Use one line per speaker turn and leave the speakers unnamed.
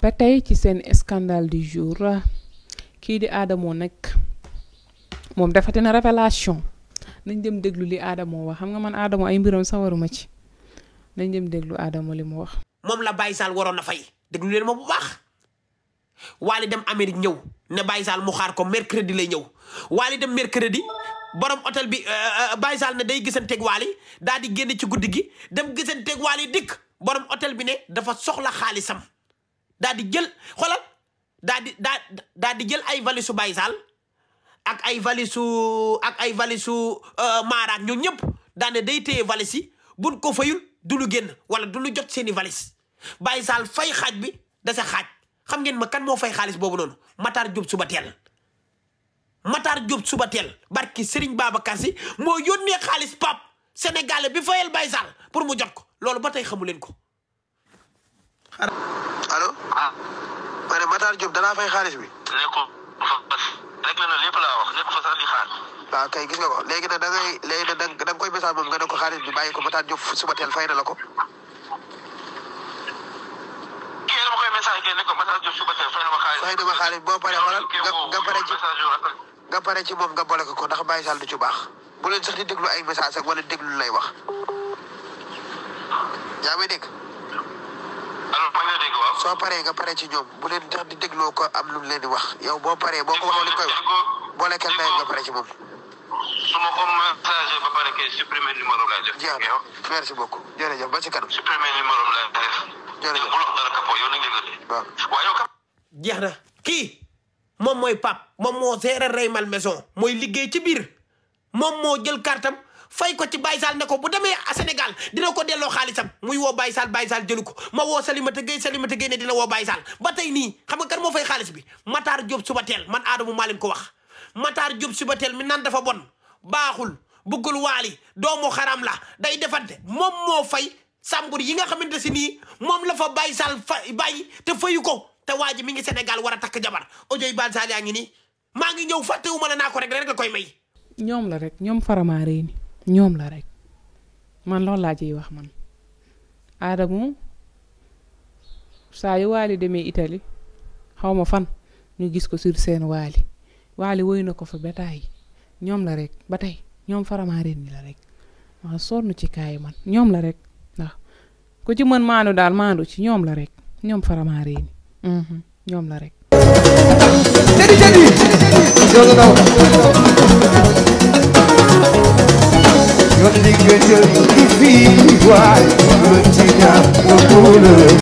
ba tey ci seen scandale du jour kii di aadamoo nag moom dafa te na révélation nañ dem déglu li Adamo wax xam nga man Adamo ay mbiram sawaruma ci nañ dem déglu Adamo li mu wax
moom la bàyyi saal waroon na fay déglu leen moom bu baax Wally dem Amérique ñëw ne bàyyi saal mu xaar ko mercredi lay ñëw Wally dem mercredi borom hôtel bi euh, euh, Baye Sall ne day gisanteeg waal yi daal di génn ci guddi gi dem gisanteeg waal yi dikk borom hôtel bi ne dafa soxla xaalisam daal di jël xoolal daal di di jël ay valisu Baye Sall ak ay valisu ak ay valisu euh, maaraak ñoom ñëpp daal day téye valis yi buñ ko fayul du lu génn wala du lu jot seeni valis Baye Sall fay xaaj bi dasa xaaj xam ngeen ma kan moo fay xaalis boobu noonu Matar Diop suba teel mataar Diop suba teel barki Serigne Babacar Sy moo ne xaalis pap Sénégalais bi fayal Baye Sall pour mu jot ko loolu ba tey xamu leen ko.
allo. ah. ma jub dalaa fay xaalis bi. nekkul fa bas rek la lépp laa ko léegi nag da ngay léegi nag da nga koy message nga ne ko xaalis bi bàyyi ko Matar Diop suba teel fay na la ko. fay na ma xaalis boo paree xoolal nga nga pare ci nga pare ci moom nga bloqué ko ndax Baye Sall du ci baax bu leen sax di déglu ay message wala déglu lay wax. yaa dégg. alors paree nga pare ci ñoom bu leen tax di ko am lu leen di wax yow boo paree boo ko waxee li koy wax boole kenn nga pare ci moom. su ko jeex na merci beaucoup jërëjëf ba ci kanam. jërëjëf
jeex na kii moom mooy Pape moom moo gérer Rey Malmaison mooy liggéey ci biir moom moo jël kartam fay ko ci Baye Sall ne ko bu demee a Sénégal dina ko delloo xaalisam muy woo baysal Sall Baye ko ma woo Salimata Gueye Salimata Gueye ne dina woo Baye Sall tey nii xam nga kan moo fay xaalis bi Matar Diop suba teel man Adama maa ko wax Matar Diop suba teel mi nan dafa bon baaxul buggul waali doomu xaram la day defante moom moo fay sàmbur yi nga xamante si nii moom la fa bàyyi sal fa bàyyi te fayu ko te waa ji mi ngi senegal war a takk jabar ojoy baal sal yaa ngi nii maa ngi ñëw fàttewuma la naa ko rek la koy may.
ñoom la rek ñoom faramaare yi ñoom la rek man loolu laa ciy wax man Adamu saa yu waali demee Italie xaw ma fan ñu gis ko sur seen waali waali woy na ko fa ba taay ñoom la rek ba tey ñoom faramaare ni la rek ma sonn ci kaay man ñoom la rek. ku ci mën maandu daal maandu ci ñoom la rek ñoom faramaare yi mm-hmm. ñoom la rek. jadi jadi
jangan tahu Yon di gwe te di fi waj Yon ti na wakounen